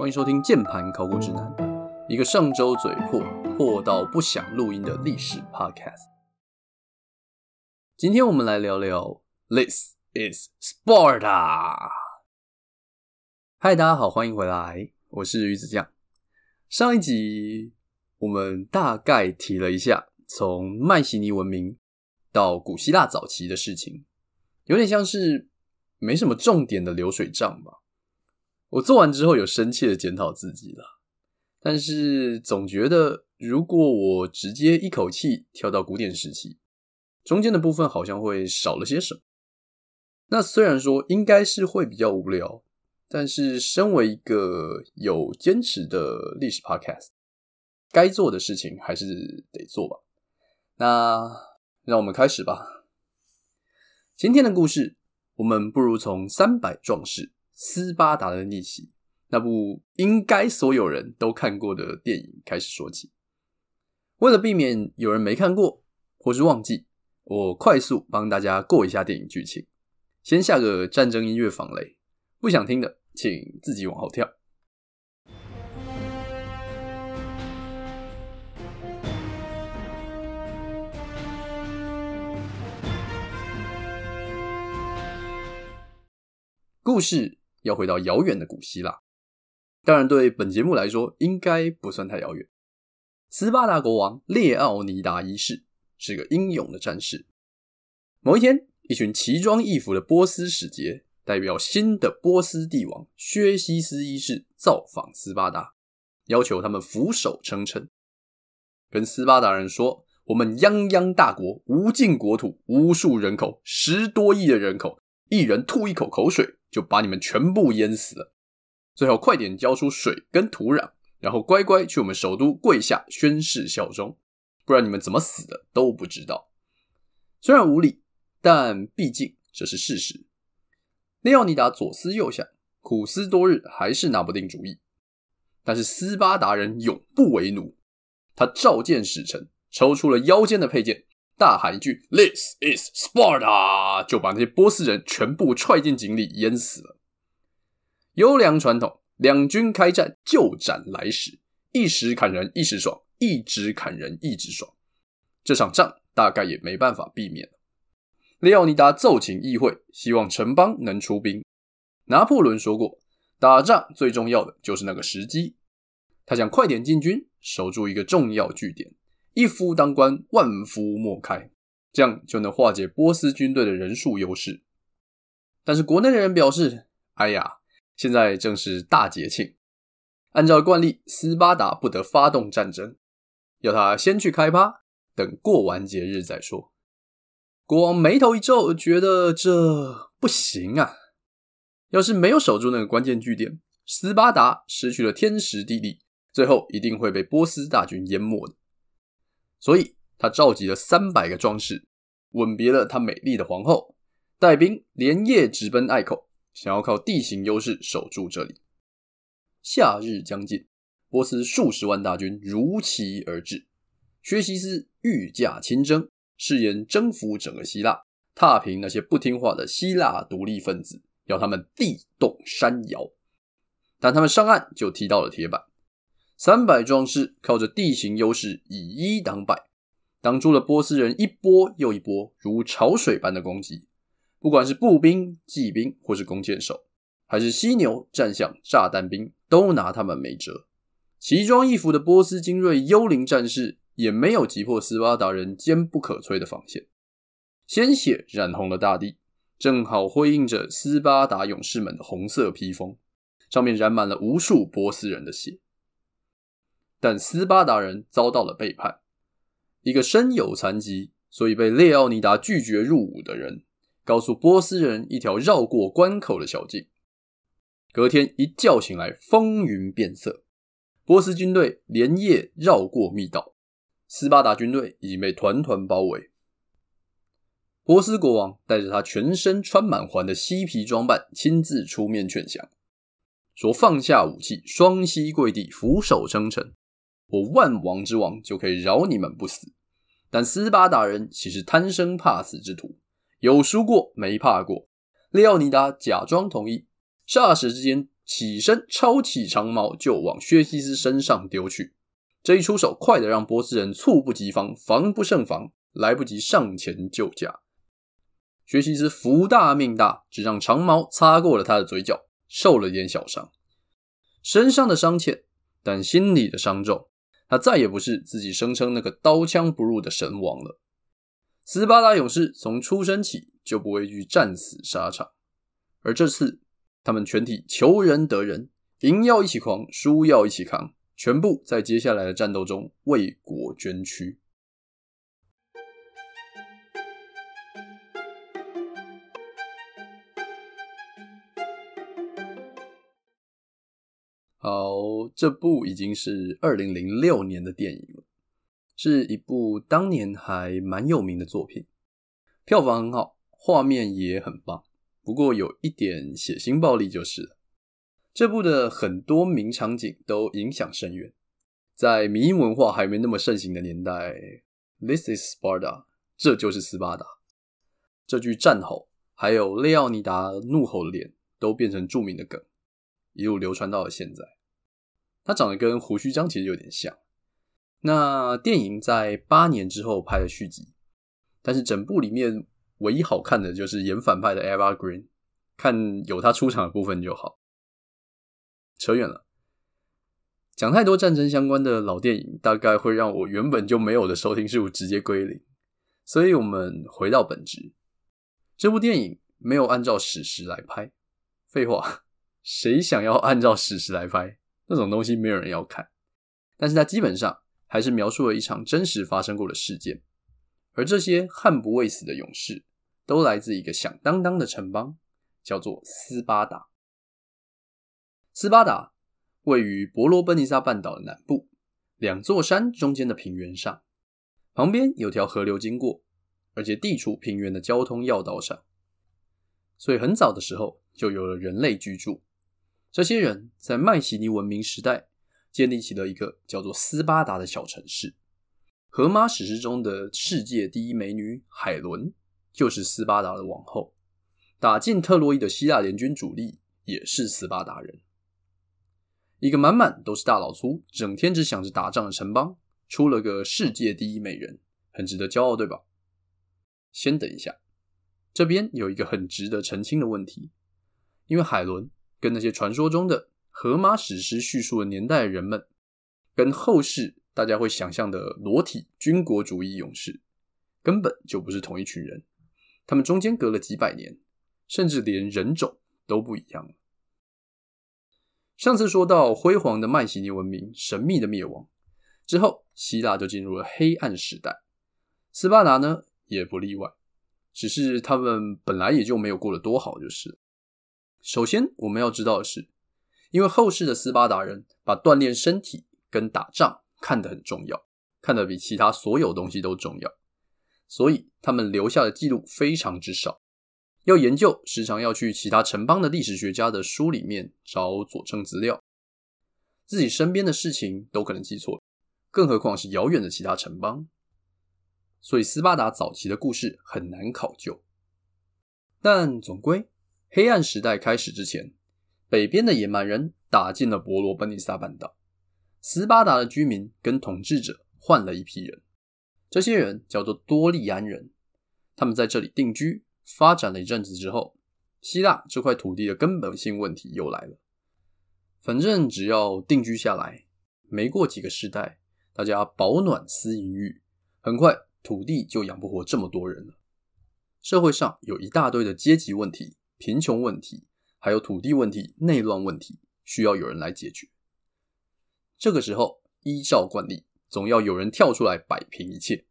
歡迎收聽《鍵盤考古指南》，一個上周嘴破破到不想錄音的歷史 Podcast。今天我們來聊聊 This is Sparta。嗨，大家好，歡迎回來，我是魚子醬。上一集我們大概提了一下從邁錫尼文明到古希臘早期的事情，有點像是沒什麼重點的流水賬吧。我做完之後有深切的檢討自己了，但是總覺得如果我直接一口氣跳到古典時期，中間的部分好像會少了些什麼。那雖然說應該是會比較無聊，但是身為一個有堅持的歷史 podcast，該做的事情還是得做吧。那讓我們開始吧。今天的故事，我們不如從三百壯士，斯巴達的逆襲，那部應該所有人都看過的電影開始說起。為了避免有人沒看過或是忘記，我快速幫大家過一下電影劇情。先下個戰爭音樂防雷，不想聽的請自己往後跳。故事，要回到遙遠的古希臘，當然對本節目來說應該不算太遙遠。斯巴達國王列奧尼達一世是個英勇的戰士。某一天，一群奇裝異服的波斯使節，代表新的波斯帝王薛西斯一世造訪斯巴達，要求他們俯首稱臣，跟斯巴達人說：“我們泱泱大國，無盡國土，無數人口，十多億的人口。”一人吐一口口水，就把你們全部淹死了。最好，快點交出水跟土壤，然後乖乖去我們首都跪下宣誓效忠，不然你們怎麼死的都不知道。雖然無理，但畢竟這是事實。利奧尼達左思右想，苦思多日，還是拿不定主意。但是斯巴達人永不為奴，他召見使臣，抽出了腰間的佩劍。大喊一句 “This is Sparta 啊！”就把那些波斯人全部踹進井裡淹死了。優良傳統，兩軍開戰就斬來使，一時砍人一時爽，一直砍人一直爽。這場仗大概也沒辦法避免了。利奧尼達奏請議會，希望城邦能出兵。拿破崙說過，打仗最重要的就是那個時機。他想快點進軍，守住一個重要據點。一夫當關，萬夫莫開，這樣就能化解波斯軍隊的人數優勢。但是國內的人表示：“哎呀，現在正是大節慶，按照慣例，斯巴達不得發動戰爭，要他先去開趴，等過完節日再說。”國王眉頭一皺，覺得這不行啊！要是沒有守住那個關鍵據點，斯巴達失去了天時地利，最後一定會被波斯大軍淹沒的。所以，他召集了三百個壯士，吻別了他美麗的皇後，帶兵連夜直奔隘口，想要靠地形優勢守住這裡。夏日將近，波斯數十萬大軍如期而至，薛西斯御駕親征，誓言征服整個希臘，踏平那些不聽話的希臘獨立分子，要他們地動山搖。但他們上岸就踢到了鐵板。三百壯士靠着地形優勢，以一擋百，擋住了波斯人一波又一波如潮水般的攻擊。不管是步兵、騎兵，或是弓箭手，還是犀牛、戰象、炸彈兵，都拿他們沒轍。奇裝異服的波斯精銳“幽靈戰士”也沒有擊破斯巴達人堅不可摧的防線。鮮血染紅了大地，正好輝映着斯巴達勇士們的紅色披風，上面染滿了無數波斯人的血。但斯巴達人遭到了背叛，一個身有殘疾，所以被列奧尼達拒絕入伍的人，告訴波斯人一條繞過關口的小徑。隔天一覺醒來，風雲變色，波斯軍隊連夜繞過密道，斯巴達軍隊已經被團團包圍。波斯國王帶着他全身穿滿環的嬉皮裝扮，親自出面勸降，說放下武器，雙膝跪地，俯首稱臣。我萬王之王就可以饒你們不死，但斯巴達人豈是貪生怕死之徒？有輸過沒怕過？利奧尼達假裝同意，霎時之間起身抄起長矛就往薛西斯身上丟去。這一出手快得讓波斯人猝不及防，防不勝防，來不及上前救駕。薛西斯福大命大，只讓長矛擦過了他的嘴角，受了點小傷，身上的傷淺，但心裡的傷重。他再也不是自己聲稱那個刀槍不入的神王了。斯巴達勇士從出生起就不畏懼戰死沙場，而這次他們全體求仁得仁，贏要一起狂，輸要一起扛，全部在接下來的戰鬥中為國捐軀。好，這部已經是二零零六年的電影了，是一部當年還蠻有名的作品，票房很好，畫面也很棒。不過有一點血腥暴力就是了。這部的很多名場景都影響深遠，在迷因文化還沒那麼盛行的年代，《This is Sparta》這就是斯巴達這句戰吼，還有列奧尼達怒吼的臉，都變成著名的梗。一路流傳到了現在，他長得跟鬍鬚張其實有點像。那電影在八年之後拍的續集，但是整部裡面唯一好看的就是演反派的 Eva Green，看有他出場的部分就好。扯遠了，講太多戰爭相關的老電影，大概會讓我原本就沒有的收聽數直接歸零。所以我們回到本質，這部電影沒有按照史實來拍，廢話。誰想要按照史實來拍，那種東西沒有人要看。但是它基本上還是描述了一場真實發生過的事件，而這些悍不畏死的勇士，都來自一個響當當的城邦，叫做斯巴達。斯巴達位於伯羅奔尼撒半島的南部，兩座山中間的平原上，旁邊有條河流經過，而且地處平原的交通要道上，所以很早的時候就有了人類居住。這些人在邁錫尼文明時代建立起了一個叫做斯巴達的小城市。荷馬史詩中的世界第一美女海倫就是斯巴達的王後。打進特洛伊的希臘聯軍主力也是斯巴達人。一個滿滿都是大老粗，整天只想着打仗的城邦，出了個世界第一美人，很值得驕傲，對吧？先等一下，這邊有一個很值得澄清的問題，因為海倫。跟那些傳說中的荷馬史詩敘述的年代的人們，跟後世大家會想象的裸體軍國主義勇士，根本就不是同一群人。他們中間隔了幾百年，甚至連人種都不一樣了。上次說到輝煌的邁錫尼文明神秘的滅亡之後，希臘就進入了黑暗時代。斯巴達呢，也不例外，只是他們本來也就沒有過得多好，就是了。首先，我們要知道的是，因為後世的斯巴達人把鍛鍊身體跟打仗看得很重要，看得比其他所有東西都重要，所以他們留下的記錄非常之少。要研究，時常要去其他城邦的歷史學家的書裡面找佐證資料，自己身邊的事情都可能記錯，更何況是遙遠的其他城邦。所以，斯巴達早期的故事很難考究，但總歸。黑暗時代開始之前，北邊的野蠻人打進了伯羅奔尼撒半島。斯巴達的居民跟統治者換了一批人，這些人叫做多利安人。他們在這裡定居，發展了一陣子之後，希臘這塊土地的根本性問題又來了。反正只要定居下來，沒過幾個世代，大家飽暖思淫欲，很快土地就養不活這麼多人了。社會上有一大堆的階級問題。貧窮問題，還有土地問題、內亂問題，需要有人來解決。這個時候，依照慣例，總要有人跳出來擺平一切。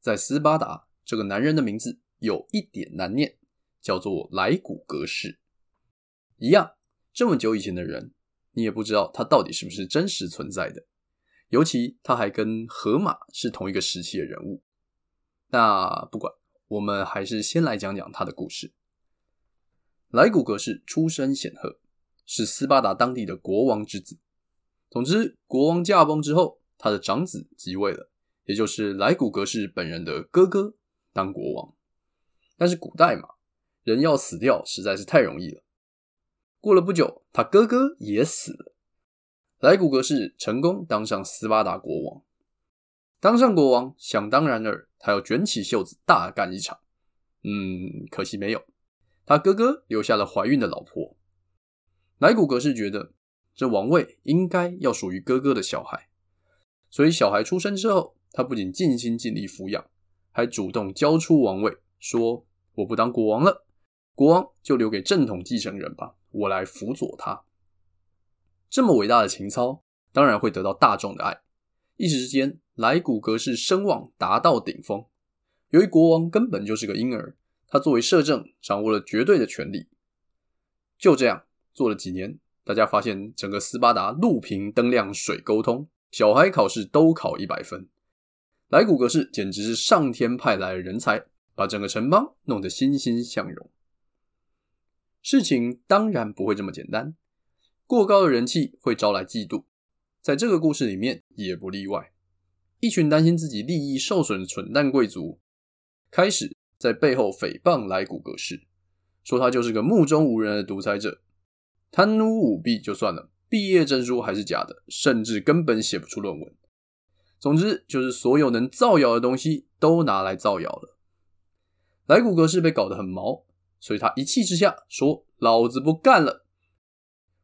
在斯巴達，這個男人的名字有一點難念，叫做萊古格氏。一樣，這麼久以前的人，你也不知道他到底是不是真實存在的。尤其他還跟荷馬是同一個時期的人物。那不管，我們還是先來講講他的故事。萊古格氏出身顯赫，是斯巴達當地的國王之子。總之，國王駕崩之後，他的長子即位了，也就是萊古格氏本人的哥哥當國王。但是古代嘛，人要死掉實在是太容易了。過了不久，他哥哥也死了，萊古格氏成功當上斯巴達國王。當上國王，想當然爾，他要卷起袖子大幹一場。嗯，可惜沒有。他哥哥留下了懷孕的老婆，萊古格斯覺得這王位應該要屬於哥哥的小孩，所以小孩出生之後，他不僅盡心盡力撫養，還主動交出王位，說我不當國王了，國王就留給正統繼承人吧，我來輔佐他。這麼偉大的情操，當然會得到大眾的愛，一時之間，萊古格斯聲望達到頂峰。由於國王根本就是個嬰兒，他作為攝政，掌握了絕對的權力。就這樣做了幾年，大家發現整個斯巴達路平燈亮、水溝通，小孩考試都考一百分。萊古格氏簡直是上天派來的人才，把整個城邦弄得欣欣向榮。事情當然不會這麼簡單，過高的人氣會招來嫉妒，在這個故事裡面也不例外。一群擔心自己利益受損的蠢蛋貴族開始，在背後誹謗萊古格斯，說他就是個目中無人的獨裁者，貪污舞弊就算了，畢業證書還是假的，甚至根本寫不出論文。總之，就是所有能造謠的東西都拿來造謠了。萊古格斯被搞得很毛，所以他一氣之下說：“老子不幹了！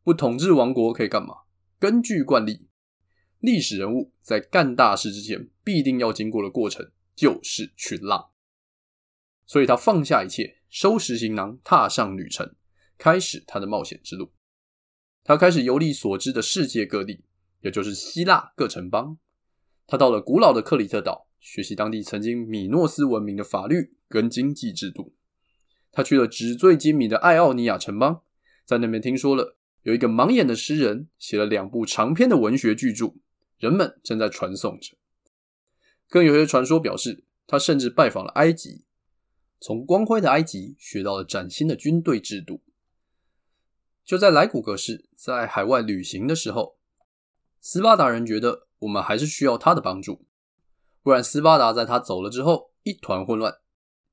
不統治王國可以幹嘛？根據慣例，歷史人物在幹大事之前必定要經過的過程就是去浪。所以他放下一切，收拾行囊，踏上旅程，開始他的冒險之路。他開始遊歷所知的世界各地，也就是希臘各城邦。他到了古老的克里特島，學習當地曾經米諾斯文明的法律跟經濟制度。他去了紙醉金迷的愛奧尼亞城邦，在那邊聽說了有一個盲眼的詩人寫了兩部長篇的文學巨著，人們正在傳頌着。更有些傳說表示，他甚至拜訪了埃及。從光輝的埃及學到了嶄新的軍隊制度。就在萊古格式在海外旅行的時候，斯巴達人覺得我們還是需要他的幫助，不然斯巴達在他走了之後一團混亂，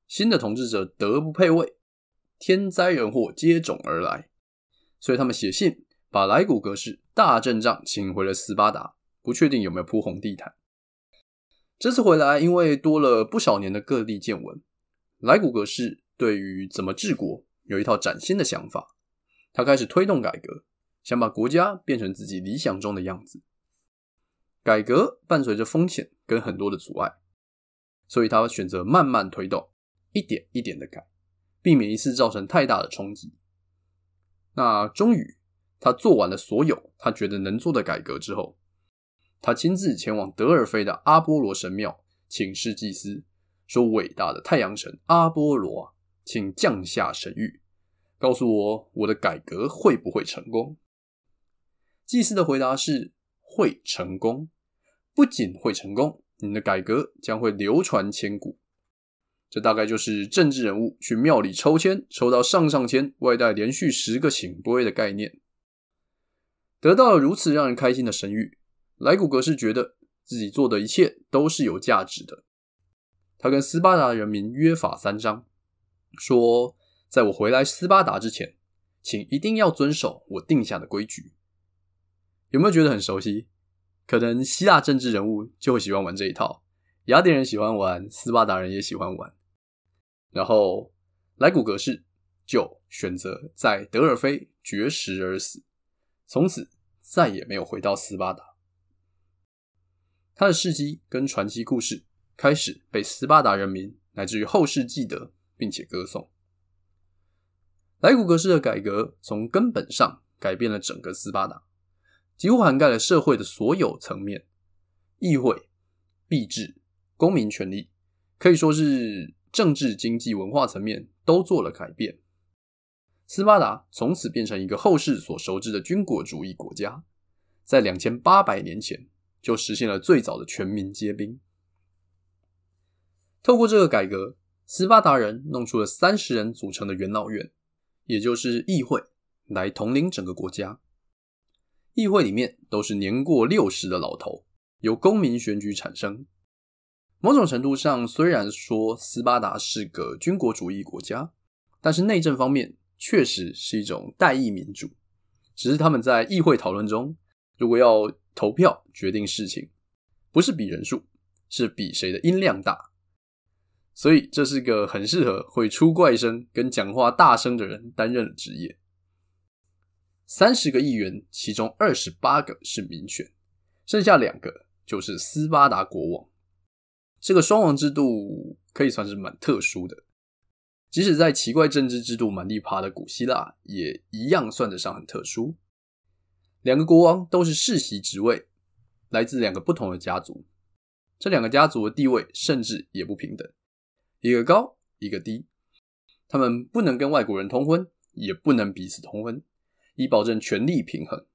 新的統治者德不配位，天災人禍接踵而來。所以他們寫信把萊古格式大陣仗請回了斯巴達，不確定有沒有鋪紅地毯。這次回來，因為多了不少年的各地見聞。萊古格氏對於怎麼治國有一套嶄新的想法，他開始推動改革，想把國家變成自己理想中的樣子。改革伴隨着風險跟很多的阻礙，所以他選擇慢慢推動，一點一點的改，避免一次造成太大的衝擊。那終於，他做完了所有他覺得能做的改革之後，他親自前往德爾菲的阿波羅神廟請示祭司。說：“偉大的太陽神阿波羅，請降下神諭，告訴我我的改革會不會成功？”祭司的回答是：“會成功，不僅會成功，你的改革將會流傳千古。”這大概就是政治人物去廟裡抽籤，抽到上上籤，外帶連續十個聖杯的概念。得到了如此讓人開心的神諭，萊古格斯覺得自己做的一切都是有價值的。他跟斯巴達人民約法三章，說，在我回來斯巴達之前，請一定要遵守我定下的規矩。有沒有覺得很熟悉？可能希臘政治人物就會喜歡玩這一套，雅典人喜歡玩，斯巴達人也喜歡玩。然後萊古格氏就選擇在德爾菲絕食而死，從此再也沒有回到斯巴達。他的事蹟跟傳奇故事。開始被斯巴達人民乃至於後世記得，並且歌頌。萊古格斯的改革從根本上改變了整個斯巴達，幾乎涵蓋了社會的所有層面：議會、幣制、公民權利，可以說是政治、經濟、文化層面都做了改變。斯巴達從此變成一個後世所熟知的軍國主義國家，在兩千八百年前就實現了最早的全民皆兵。透過這個改革，斯巴達人弄出了三十人組成的元老院，也就是議會，來統領整個國家。議會裡面都是年過六十的老頭，由公民選舉產生。某種程度上，雖然說斯巴達是個軍國主義國家，但是內政方面確實是一種代議民主，只是他們在議會討論中，如果要投票決定事情，不是比人數，是比誰的音量大。所以這是個很適合會出怪聲跟講話大聲的人擔任的職業。三十個議員，其中二十八個是民選，剩下兩個就是斯巴達國王。這個雙王制度可以算是蠻特殊的，即使在奇怪政治制度滿地爬的古希臘，也一樣算得上很特殊。兩個國王都是世襲職位，來自兩個不同的家族，這兩個家族的地位甚至也不平等。一個高，一個低，他們不能跟外國人通婚，也不能彼此通婚，以保證權力平衡。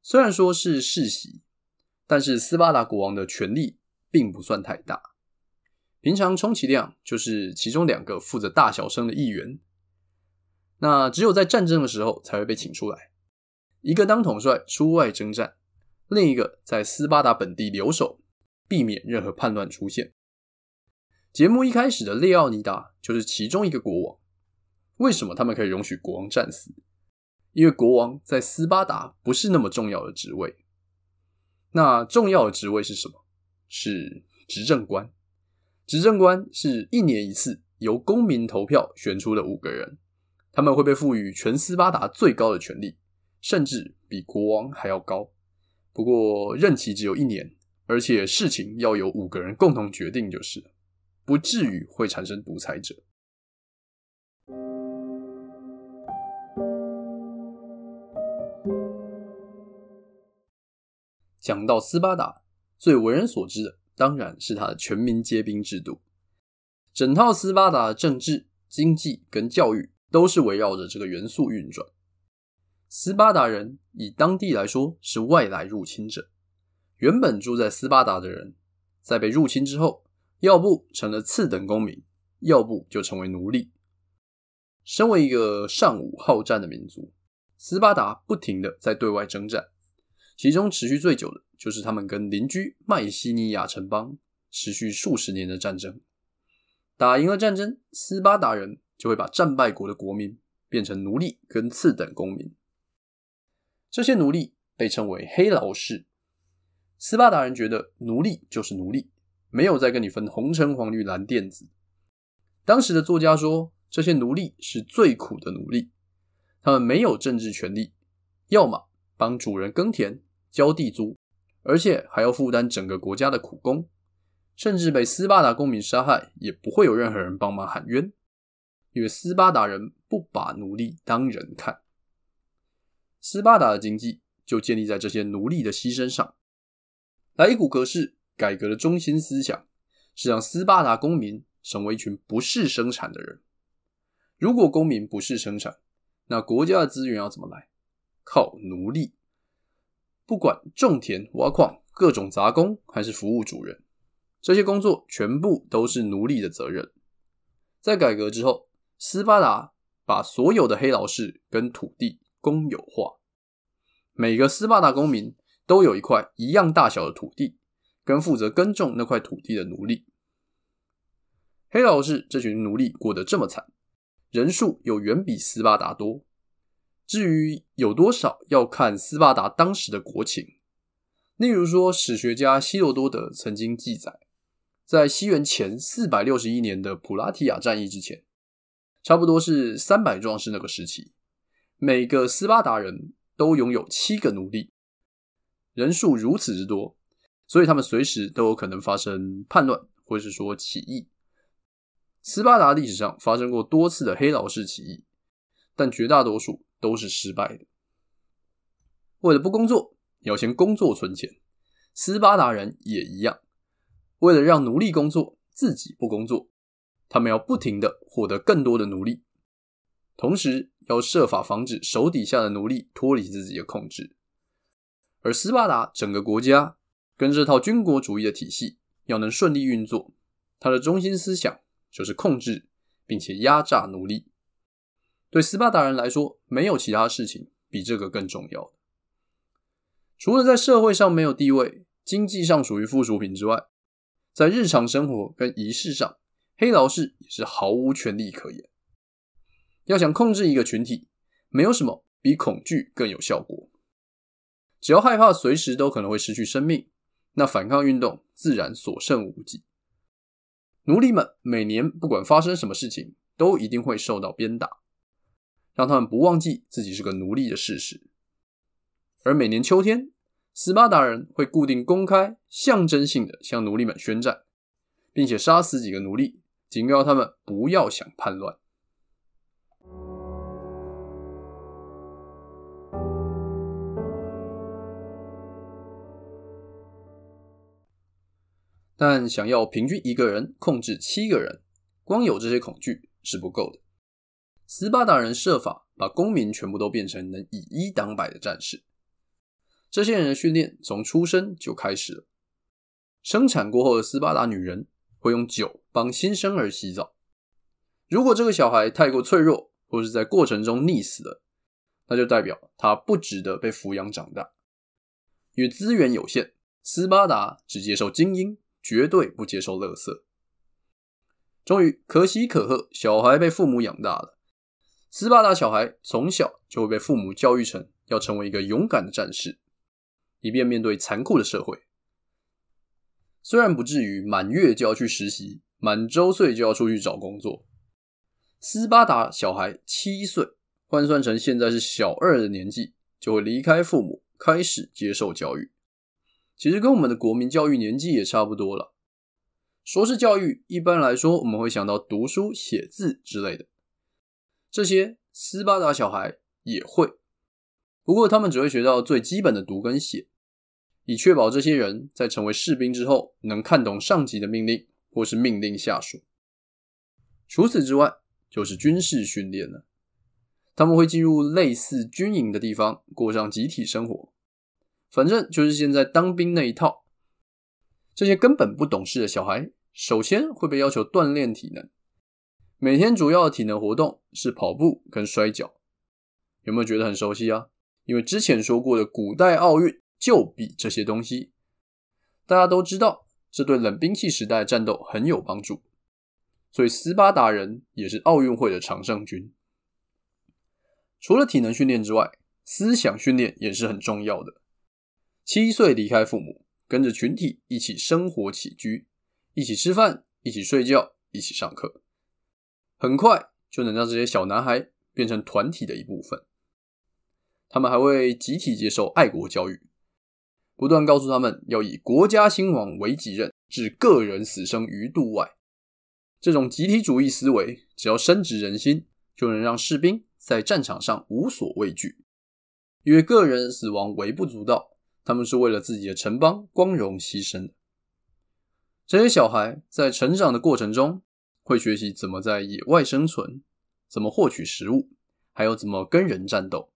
雖然說是世襲，但是斯巴達國王的權力並不算太大，平常充其量就是其中兩個負責大小事的議員。那只有在戰爭的時候才會被請出來，一個當統帥出外征戰，另一個在斯巴達本地留守，避免任何叛亂出現。節目一開始的列奧尼達就是其中一個國王。為什麼他們可以容許國王戰死？因為國王在斯巴達不是那麼重要的職位。那重要的職位是什麼？是執政官。執政官是一年一次由公民投票選出的五個人，他們會被賦予全斯巴達最高的權力，甚至比國王還要高。不過任期只有一年，而且事情要由五個人共同決定就是了。不至於會產生獨裁者。講到斯巴達，最為人所知的當然是他的全民皆兵制度，整套斯巴達的政治、經濟跟教育，都是圍繞着這個元素運轉。斯巴達人以當地來說是外來入侵者，原本住在斯巴達的人，在被入侵之後。要不成了次等公民，要不就成為奴隸。身為一個尚武好戰的民族，斯巴達不停的在對外征戰，其中持續最久的就是他們跟鄰居麥西尼亞城邦持續數十年的戰爭。打贏了戰爭，斯巴達人就會把戰敗國的國民變成奴隸跟次等公民。這些奴隸被稱為黑勞士。斯巴達人覺得奴隸就是奴隸。沒有再跟你分紅橙黃綠藍靛紫。當時的作家說，這些奴隸是最苦的奴隸，他們沒有政治權利，要麼幫主人耕田交地租，而且還要負擔整個國家的苦工，甚至被斯巴達公民殺害，也不會有任何人幫忙喊冤，因為斯巴達人不把奴隸當人看。斯巴達的經濟就建立在這些奴隸的犧牲上。來一股格式。改革的中心思想是讓斯巴達公民成為一群不事生產的人。如果公民不事生產，那國家的資源要怎麼來？靠奴隸。不管種田、挖礦、各種雜工，還是服務主人，這些工作全部都是奴隸的責任。在改革之後，斯巴達把所有的黑勞士跟土地公有化，每個斯巴達公民都有一塊一樣大小的土地。跟負責耕種那塊土地的奴隸，黑勞士這群奴隸過得這麼慘，人數又遠比斯巴達多。至於有多少，要看斯巴達當時的國情。例如說，史學家希羅多德曾經記載，在西元前四百六十一年的普拉提亞戰役之前，差不多是三百壯士那個時期，每個斯巴達人都擁有七個奴隸，人數如此之多。所以他們隨時都有可能發生叛亂，或是說起義。斯巴達歷史上發生過多次的黑勞士起義，但絕大多數都是失敗的。為了不工作，要先工作存錢。斯巴達人也一樣，為了讓奴隸工作，自己不工作，他們要不停的獲得更多的奴隸，同時要設法防止手底下的奴隸脫離自己的控制。而斯巴達整個國家，跟這套軍國主義的體系要能順利運作，它的中心思想就是控制並且壓榨奴隸。對斯巴達人來說，沒有其他事情比這個更重要的。除了在社會上沒有地位、經濟上屬於附屬品之外，在日常生活跟儀式上，黑勞士也是毫無權利可言。要想控制一個群體，沒有什麼比恐懼更有效果。只要害怕隨時都可能會失去生命，那反抗運動自然所剩無幾。奴隸們每年不管發生什麼事情，都一定會受到鞭打，讓他們不忘記自己是個奴隸的事實。而每年秋天，斯巴達人會固定公開象徵性的向奴隸們宣戰，並且殺死幾個奴隸，警告他們不要想叛亂。但想要平均一個人控制七個人，光有這些恐懼是不夠的。斯巴達人設法把公民全部都變成能以一當百的戰士。這些人的訓練從出生就開始了。生產過後的斯巴達女人會用酒幫新生兒洗澡。如果這個小孩太過脆弱，或是在過程中溺死了，那就代表他不值得被撫養長大。因為資源有限，斯巴達只接受精英。絕對不接受垃圾。終於，可喜可賀，小孩被父母養大了。斯巴達小孩從小就會被父母教育成要成為一個勇敢的戰士，以便面對殘酷的社會。雖然不至於滿月就要去實習，滿周歲就要出去找工作。斯巴達小孩七歲，換算成現在是小二的年紀，就會離開父母，開始接受教育。其實跟我們的國民教育年紀也差不多了。說是教育，一般來說我們會想到讀書寫字之類的，這些斯巴達小孩也會，不過他們只會學到最基本的讀跟寫，以確保這些人在成為士兵之後能看懂上級的命令或是命令下屬。除此之外，就是軍事訓練了。他們會進入類似軍營的地方，過上集體生活。反正就是現在當兵那一套，這些根本不懂事的小孩，首先會被要求鍛鍊體能，每天主要的體能活動是跑步跟摔跤，有沒有覺得很熟悉啊？因為之前說過的古代奧運就比這些東西，大家都知道這對冷兵器時代的戰鬥很有幫助，所以斯巴達人也是奧運會的常勝軍。除了體能訓練之外，思想訓練也是很重要的。七歲離開父母，跟着群體一起生活起居，一起吃飯，一起睡覺，一起上課，很快就能讓這些小男孩變成團體的一部分。他們還會集體接受愛國教育，不斷告訴他們要以國家興亡為己任，置個人死生於度外。這種集體主義思維，只要深植人心，就能讓士兵在戰場上無所畏懼，因為個人死亡微不足道。他們是為了自己的城邦光榮犧牲的。這些小孩在成長的過程中，會學習怎麼在野外生存，怎麼獲取食物，還有怎麼跟人戰鬥。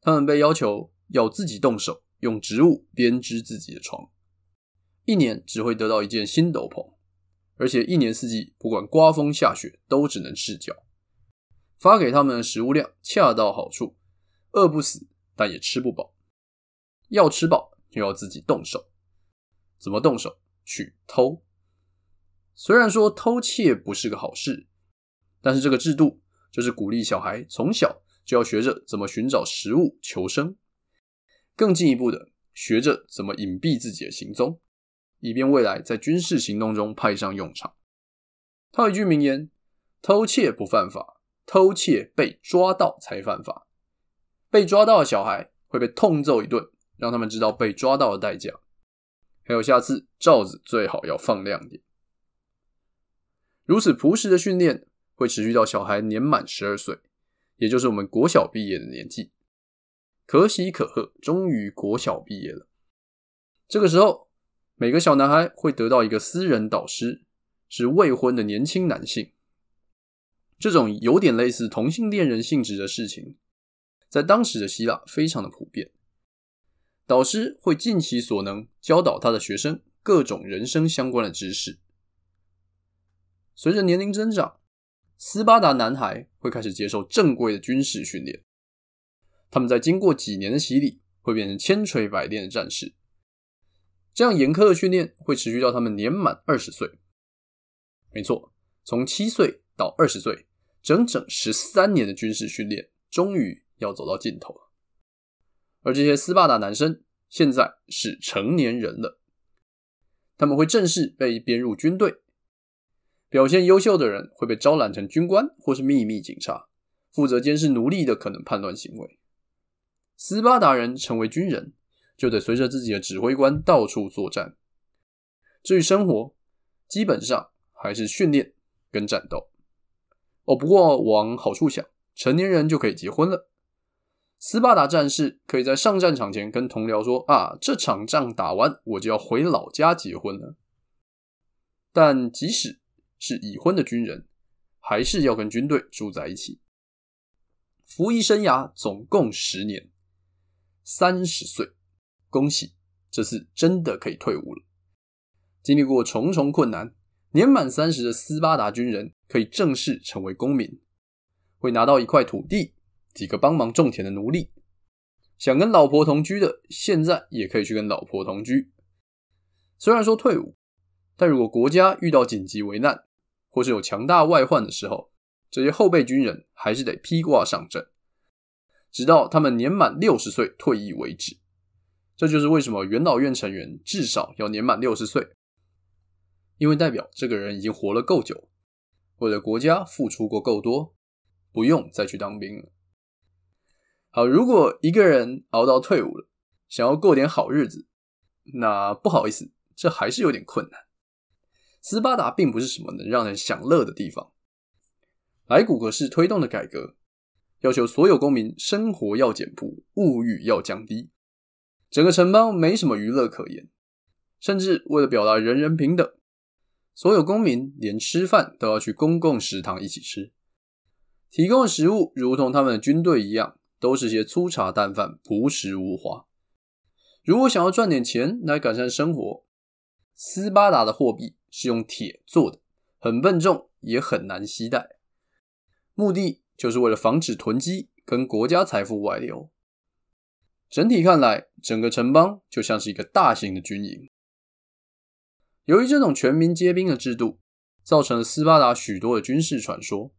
他們被要求要自己動手，用植物編織自己的床。一年只會得到一件新斗篷，而且一年四季，不管刮風下雪，都只能赤腳。發給他們的食物量恰到好處，餓不死，但也吃不飽。要吃飽就要自己動手，怎麼動手？去偷。雖然說偷竊不是個好事，但是這個制度就是鼓勵小孩從小就要學着怎麼尋找食物求生，更進一步的學着怎麼隱蔽自己的行蹤，以便未來在軍事行動中派上用場。他有一句名言：“偷竊不犯法，偷竊被抓到才犯法。”被抓到的小孩會被痛揍一頓。讓他們知道被抓到的代價。還有，下次罩子最好要放亮點。如此樸實的訓練會持續到小孩年滿十二歲，也就是我們國小畢業的年紀。可喜可賀，終於國小畢業了。這個時候，每個小男孩會得到一個私人導師，是未婚的年輕男性。這種有點類似同性戀人性質的事情，在當時的希臘非常的普遍。導師會盡其所能教導他的學生各種人生相關的知識。隨着年齡增長，斯巴達男孩會開始接受正規的軍事訓練。他們在經過幾年的洗禮，會變成千錘百煉的戰士。這樣嚴苛的訓練會持續到他們年滿二十歲。沒錯，從七歲到二十歲，整整十三年的軍事訓練終於要走到盡頭了。而這些斯巴達男生現在是成年人了，他們會正式被編入軍隊，表現優秀的人會被招攬成軍官或是秘密警察，負責監視奴隸的可能叛亂行為。斯巴達人成為軍人就得隨着自己的指揮官到處作戰，至於生活，基本上還是訓練跟戰鬥。哦，不過往好處想，成年人就可以結婚了。斯巴達戰士可以在上戰場前跟同僚說：“啊，這場仗打完，我就要回老家結婚了。”但即使是已婚的軍人，還是要跟軍隊住在一起。服役生涯總共十年，三十歲，恭喜，這次真的可以退伍了。經歷過重重困難，年滿三十的斯巴達軍人可以正式成為公民，會拿到一塊土地。幾個幫忙種田的奴隸，想跟老婆同居的，現在也可以去跟老婆同居。雖然說退伍，但如果國家遇到緊急危難，或是有強大外患的時候，這些後備軍人還是得披掛上陣，直到他們年滿六十歲退役為止。這就是為什麼元老院成員至少要年滿六十歲，因為代表這個人已經活了夠久，為了國家付出過夠多，不用再去當兵了。啊，如果一個人熬到退伍了，想要過點好日子，那不好意思，這還是有點困難。斯巴達並不是什麼能讓人享樂的地方。萊古格式推動的改革，要求所有公民生活要簡樸，物欲要降低。整個城邦沒什麼娛樂可言，甚至為了表達人人平等，所有公民連吃飯都要去公共食堂一起吃，提供的食物如同他們的軍隊一樣。都是些粗茶淡飯、樸實無華。如果想要賺點錢來改善生活，斯巴達的貨幣是用鐵做的，很笨重，也很難攜帶。目的就是為了防止囤積跟國家財富外流。整體看來，整個城邦就像是一個大型的軍營。由於這種全民皆兵的制度，造成了斯巴達許多的軍事傳說。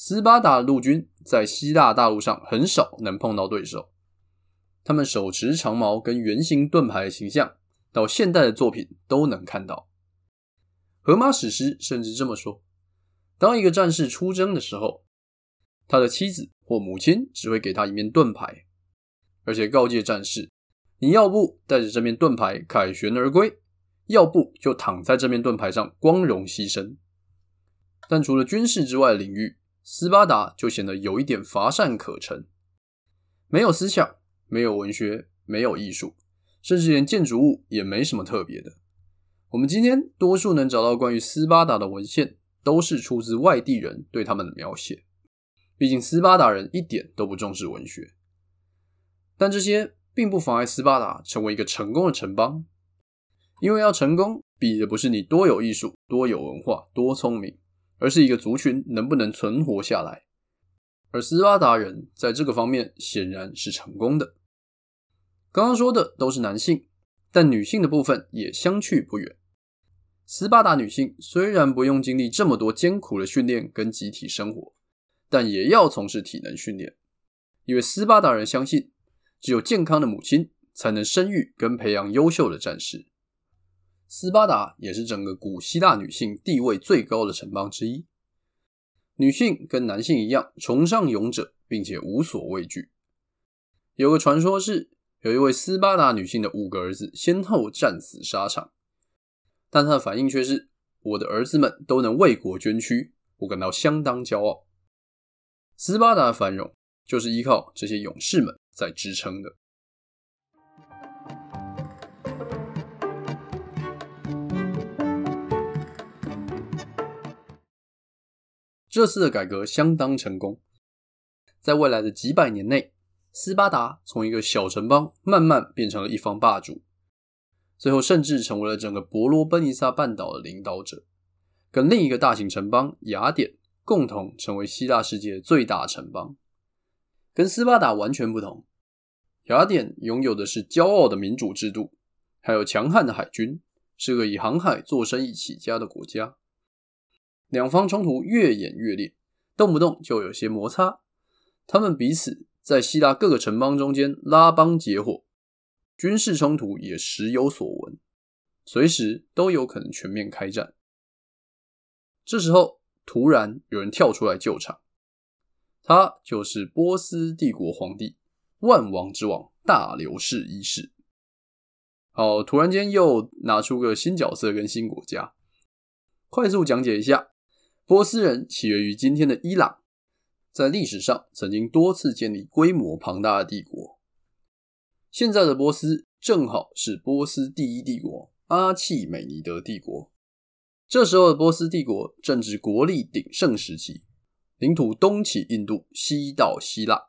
斯巴達的陸軍在希臘大陸上很少能碰到對手。他們手持長矛跟圓形盾牌的形象，到現代的作品都能看到。荷馬史詩甚至這麼說：當一個戰士出征的時候，他的妻子或母親只會給他一面盾牌，而且告誡戰士：“你要不帶着這面盾牌凱旋而歸，要不就躺在這面盾牌上光榮犧牲。”但除了軍事之外的領域。斯巴達就顯得有一點乏善可陳，沒有思想，沒有文學，沒有藝術，甚至連建築物也沒什麼特別的。我們今天多數能找到關於斯巴達的文獻，都是出自外地人對他們的描寫。畢竟斯巴達人一點都不重視文學，但這些並不妨礙斯巴達成為一個成功的城邦，因為要成功，比的不是你多有藝術、多有文化、多聰明。而是一個族群能不能存活下來，而斯巴達人在這個方面顯然是成功的。剛剛說的都是男性，但女性的部分也相去不遠。斯巴達女性雖然不用經歷這麼多艱苦的訓練跟集體生活，但也要從事體能訓練，因為斯巴達人相信，只有健康的母親才能生育跟培養優秀的戰士。斯巴達也是整個古希臘女性地位最高的城邦之一。女性跟男性一樣，崇尚勇者，並且無所畏懼。有個傳說是，是有一位斯巴達女性的五個兒子先後戰死沙場，但她的反應卻是：“我的兒子們都能為國捐軀，我感到相當驕傲。”斯巴達的繁榮就是依靠這些勇士們在支撐的。這次的改革相當成功，在未來的幾百年內，斯巴達從一個小城邦慢慢變成了一方霸主，最後甚至成為了整個伯羅奔尼撒半島的領導者，跟另一個大型城邦雅典共同成為希臘世界最大城邦。跟斯巴達完全不同，雅典擁有的是驕傲的民主制度，還有強悍的海軍，是個以航海做生意起家的國家。兩方衝突越演越烈，動不動就有些摩擦。他們彼此在希臘各個城邦中間拉幫結夥，軍事衝突也時有所聞，隨時都有可能全面開戰。這時候突然有人跳出來救場，他就是波斯帝國皇帝，萬王之王大流士一世。好，突然間又拿出個新角色跟新國家，快速講解一下。波斯人起源於今天的伊朗，在歷史上曾經多次建立規模龐大的帝國。現在的波斯正好是波斯第一帝國阿契美尼德帝國。這時候的波斯帝國正值國力鼎盛時期，領土東起印度，西到希臘，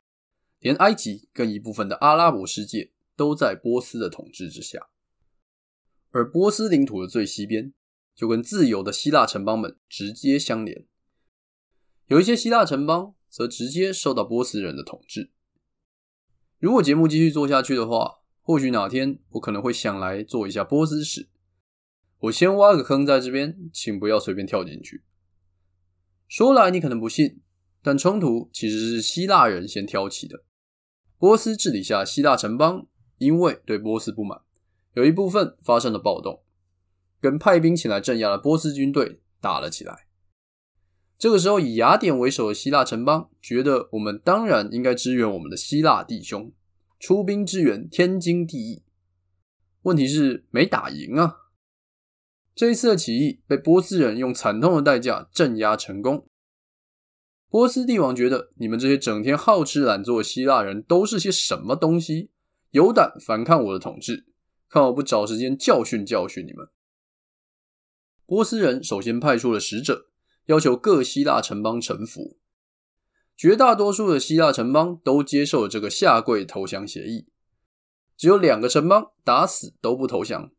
連埃及跟一部分的阿拉伯世界都在波斯的統治之下。而波斯領土的最西邊，就跟自由的希臘城邦們直接相連，有一些希臘城邦則直接受到波斯人的統治。如果節目繼續做下去的話，或許哪天我可能會想來做一下波斯史。我先挖個坑在這邊，請不要隨便跳進去。說來你可能不信，但衝突其實是希臘人先挑起的。波斯治理下希臘城邦因為對波斯不滿，有一部分發生了暴動。跟派兵前來鎮壓的波斯軍隊打了起來。這個時候，以雅典為首的希臘城邦覺得，我們當然應該支援我們的希臘弟兄，出兵支援天經地義。問題是沒打贏啊！這一次的起義被波斯人用慘痛的代價鎮壓成功。波斯帝王覺得，你們這些整天好吃懶做的希臘人都是些什麼東西？有膽反抗我的統治，看我不找時間教訓教訓你們！波斯人首先派出了使者，要求各希臘城邦臣服。絕大多數的希臘城邦都接受了這個下跪投降協議，只有兩個城邦打死都不投降。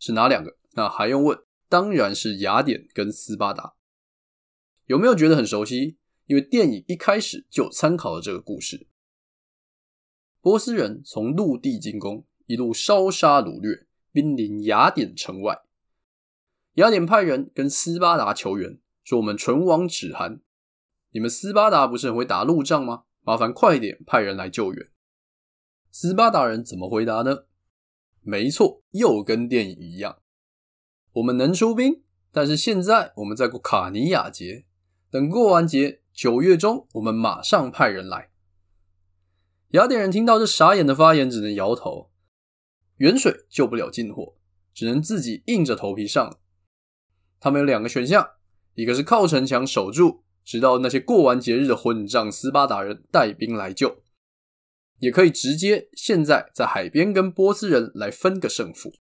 是哪兩個？那還用問？當然是雅典跟斯巴達。有沒有覺得很熟悉？因為電影一開始就參考了這個故事。波斯人從陸地進攻，一路燒殺擄掠，兵臨雅典城外。雅典派人跟斯巴達求援，說我們唇亡齒寒，你們斯巴達不是很會打陸戰嗎？麻煩快點派人來救援。斯巴達人怎麼回答呢？沒錯，又跟電影一樣，我們能出兵，但是現在我們在過卡尼亞節，等過完節，九月中我們馬上派人來。雅典人聽到這傻眼的發言，只能搖頭。遠水救不了近火，只能自己硬着頭皮上。他們有兩個選項，一個是靠城牆守住，直到那些過完節日的混賬斯巴達人帶兵來救；也可以直接現在在海邊跟波斯人來分個勝負。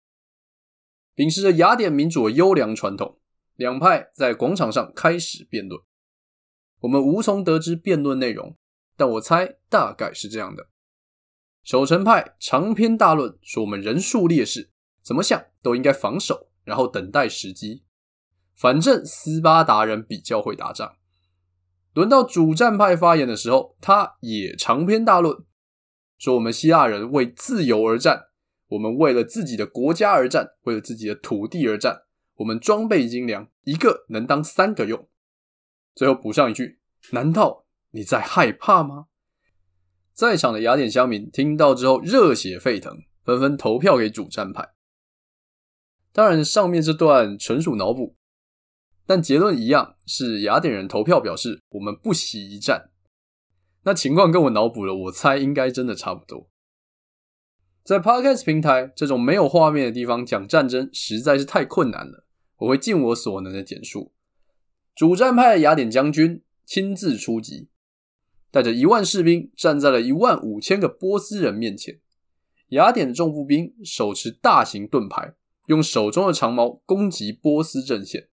秉持着雅典民主的優良傳統，兩派在廣場上開始辯論。我們無從得知辯論內容，但我猜大概是這樣的：守城派長篇大論說我們人數劣勢，怎麼想都應該防守，然後等待時機。反正斯巴達人比較會打仗。輪到主戰派發言的時候，他也長篇大論，說我們希臘人為自由而戰，我們為了自己的國家而戰，為了自己的土地而戰。我們裝備精良，一個能當三個用。最後補上一句：難道你在害怕嗎？在場的雅典鄉民聽到之後熱血沸騰，紛紛投票給主戰派。當然，上面這段純屬腦補。但結論一樣，是雅典人投票表示我們不惜一戰。那情況跟我腦補了，我猜應該真的差不多。在 Podcast 平台這種沒有畫面的地方講戰爭實在是太困難了，我會盡我所能的簡述。主戰派的雅典將軍親自出擊，帶着一萬士兵站在了一萬五千個波斯人面前。雅典的重步兵手持大型盾牌，用手中的長矛攻擊波斯陣線。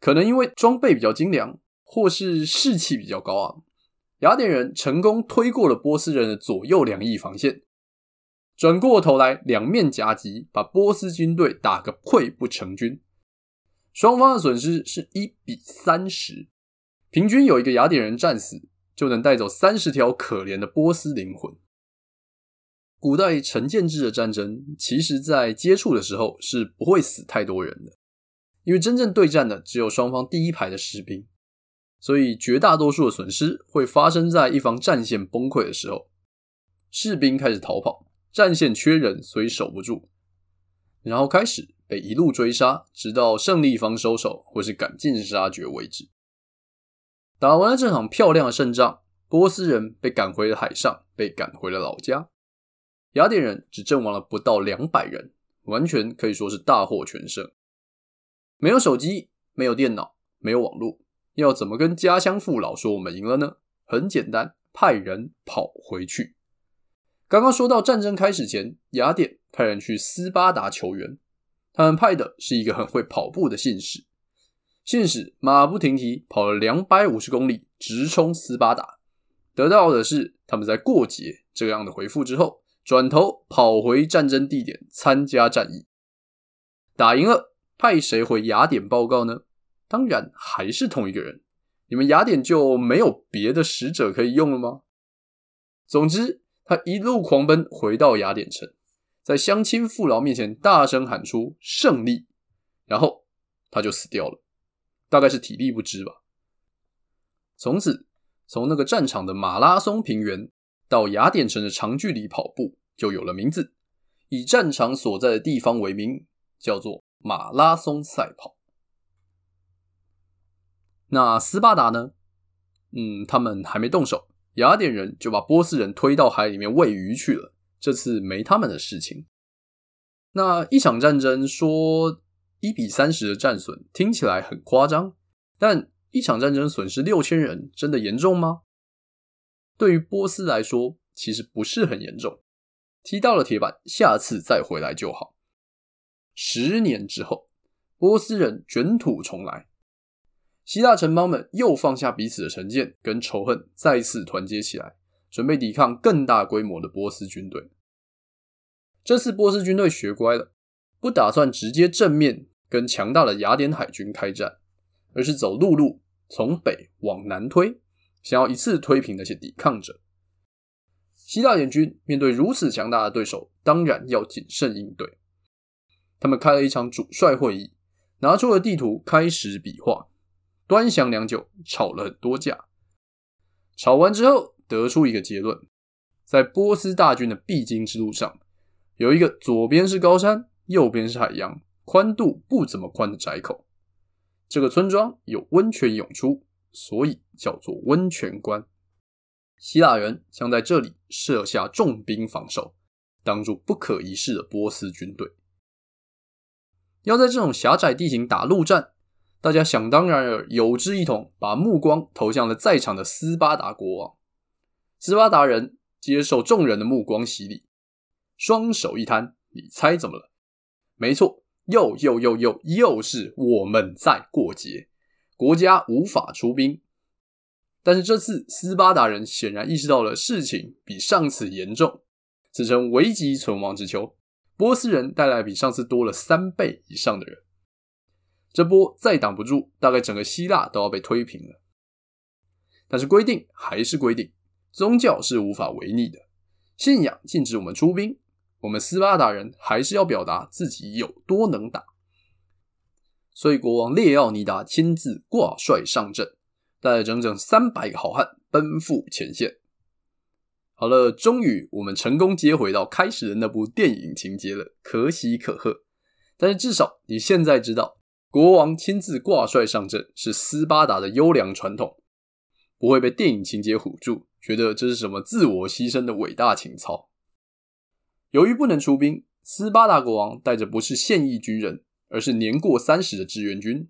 可能因為裝備比較精良，或是士氣比較高昂，雅典人成功推過了波斯人的左右兩翼防線，轉過頭來兩面夾擊，把波斯軍隊打個潰不成軍。雙方的損失是一比三十，平均有一個雅典人戰死，就能帶走三十條可憐的波斯靈魂。古代成建制的戰爭，其實，在接觸的時候是不會死太多人的。因為真正對戰的只有雙方第一排的士兵，所以絕大多數的損失會發生在一方戰線崩潰的時候，士兵開始逃跑，戰線缺人，所以守不住，然後開始被一路追殺，直到勝利方收手或是趕盡殺絕為止。打完了這場漂亮的勝仗，波斯人被趕回了海上，被趕回了老家，雅典人只陣亡了不到兩百人，完全可以說是大獲全勝。沒有手機，沒有電腦，沒有網絡，要怎麼跟家鄉父老說我們贏了呢？很簡單，派人跑回去。剛剛說到戰爭開始前，雅典派人去斯巴達求援，他們派的是一個很會跑步的信使，信使馬不停蹄跑了兩百五十公里，直衝斯巴達，得到的是他們在過節這樣的回覆之後，轉頭跑回戰爭地點參加戰役，打贏了。派誰回雅典報告呢？當然還是同一個人。你們雅典就沒有別的使者可以用了嗎？總之，他一路狂奔回到雅典城，在鄉親父老面前大聲喊出勝利，然後他就死掉了，大概是體力不支吧。從此，從那個戰場的馬拉松平原到雅典城的長距離跑步就有了名字，以戰場所在的地方為名，叫做。馬拉松賽跑。那斯巴達呢？嗯，他們還沒動手，雅典人就把波斯人推到海裡面餵魚去了。這次沒他們的事情。那一場戰爭，說一比三十的戰損聽起來很誇張，但一場戰爭損失六千人，真的嚴重嗎？對於波斯來說，其實不是很嚴重。踢到了鐵板，下次再回來就好。十年之後，波斯人捲土重來，希臘城邦們又放下彼此的成見跟仇恨，再次團結起來，準備抵抗更大規模的波斯軍隊。這次波斯軍隊學乖了，不打算直接正面跟強大的雅典海軍開戰，而是走陸路，從北往南推，想要一次推平那些抵抗者。希臘聯軍面對如此強大的對手，當然要謹慎應對。他們開了一場主帥會議，拿出了地圖，開始比劃，端詳良久，吵了很多架。吵完之後，得出一個結論：在波斯大軍的必經之路上，有一個左邊是高山，右邊是海洋，寬度不怎麼寬的窄口。這個村莊有溫泉湧出，所以叫做溫泉關。希臘人將在這裡設下重兵防守，擋住不可一世的波斯軍隊。要在這種狹窄地形打陸戰，大家想當然耳，有志一同，把目光投向了在場的斯巴達國王。斯巴達人接受眾人的目光洗禮，雙手一攤，你猜怎麼了？沒錯，又又又又又是我們在過節，國家無法出兵。但是這次斯巴達人顯然意識到了事情比上次嚴重，此誠危急存亡之秋。波斯人帶來比上次多了三倍以上的人，這波再擋不住，大概整個希臘都要被推平了。但是規定還是規定，宗教是無法違逆的，信仰禁止我們出兵，我們斯巴達人還是要表達自己有多能打，所以國王列奧尼達親自掛帥上陣，帶了整整三百個好漢奔赴前線。好了，終於我們成功接回到開始的那部電影情節了，可喜可賀。但是至少你現在知道，國王親自掛帥上陣是斯巴達的優良傳統，不會被電影情節唬住，覺得這是什麼自我犧牲的偉大情操。由於不能出兵，斯巴達國王帶着不是現役軍人，而是年過三十的志願軍，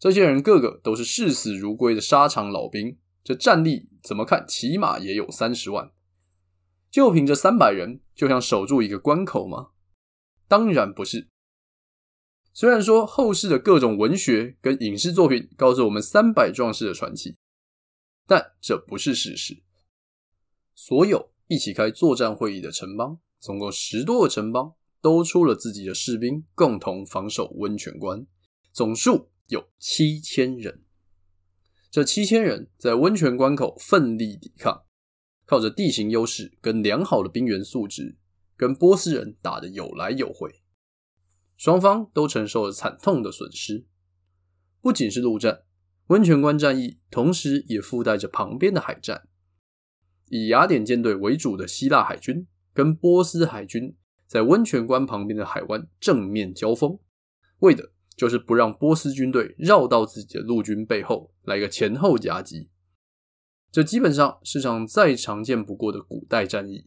這些人個個都是視死如歸的沙場老兵，這戰力。怎麼看，起碼也有三十萬。就憑這三百人，就想守住一個關口嗎？當然不是。雖然說後世的各種文學跟影視作品告訴我們三百壯士的傳奇，但這不是事實。所有一起開作戰會議的城邦，總共十多個城邦都出了自己的士兵，共同防守溫泉關，總數有七千人。這七千人在溫泉關口奮力抵抗，靠着地形優勢跟良好的兵員素質，跟波斯人打得有來有回，雙方都承受了慘痛的損失。不僅是陸戰，溫泉關戰役同時也附帶着旁邊的海戰，以雅典艦隊為主的希臘海軍跟波斯海軍在溫泉關旁邊的海灣正面交鋒，為的就是不讓波斯軍隊繞到自己的陸軍背後來個前後夾擊，這基本上是場再常見不過的古代戰役。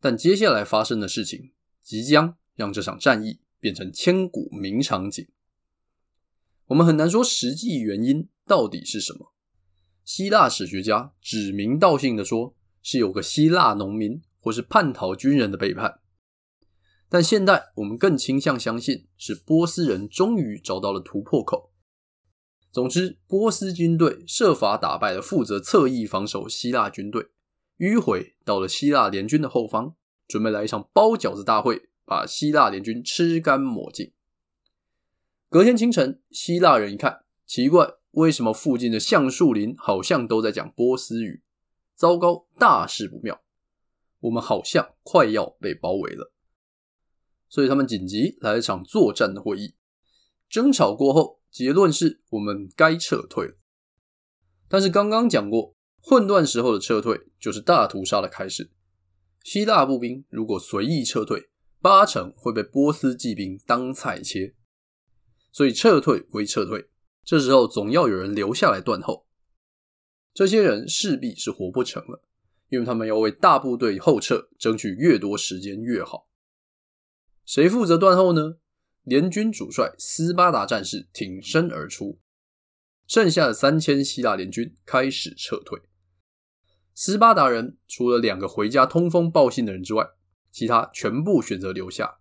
但接下來發生的事情，即將讓這場戰役變成千古名場景。我們很難說實際原因到底是什麼。希臘史學家指名道姓的說，是有個希臘農民或是叛逃軍人的背叛。但現在我們更傾向相信是波斯人終於找到了突破口。總之，波斯軍隊設法打敗了負責側翼防守希臘軍隊，迂回到了希臘聯軍的後方，準備來一場包餃子大會，把希臘聯軍吃乾抹淨。隔天清晨，希臘人一看，奇怪，為什麼附近的橡樹林好像都在講波斯語？糟糕，大事不妙，我們好像快要被包圍了。所以他們緊急來一場作戰的會議，爭吵過後，結論是我們該撤退了。但是剛剛講過，混亂時候的撤退就是大屠殺的開始。希臘步兵如果隨意撤退，八成會被波斯騎兵當菜切。所以撤退歸撤退，這時候總要有人留下來斷後。這些人勢必是活不成了，因為他們要為大部隊後撤爭取越多時間越好。誰負責斷後呢？聯軍主帥斯巴達戰士挺身而出，剩下的三千希臘聯軍開始撤退。斯巴達人除了兩個回家通風報信的人之外，其他全部選擇留下。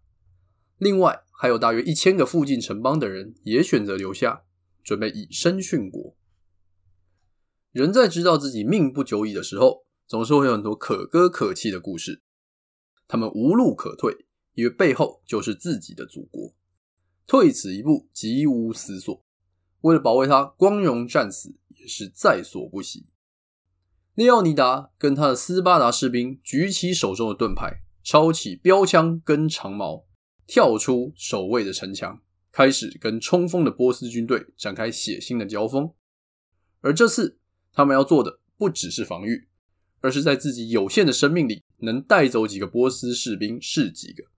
另外，還有大約一千個附近城邦的人也選擇留下，準備以身殉國。人在知道自己命不久矣的時候，總是會有很多可歌可泣的故事。他們無路可退。因為背後就是自己的祖國，退此一步，即無死所。為了保衛他，光榮戰死也是在所不惜。列奧尼達跟他的斯巴達士兵舉起手中的盾牌，抄起標槍跟長矛，跳出守衛的城牆，開始跟衝鋒的波斯軍隊展開血腥的交鋒。而這次，他們要做的不只是防禦，而是在自己有限的生命裡，能帶走幾個波斯士兵是幾個。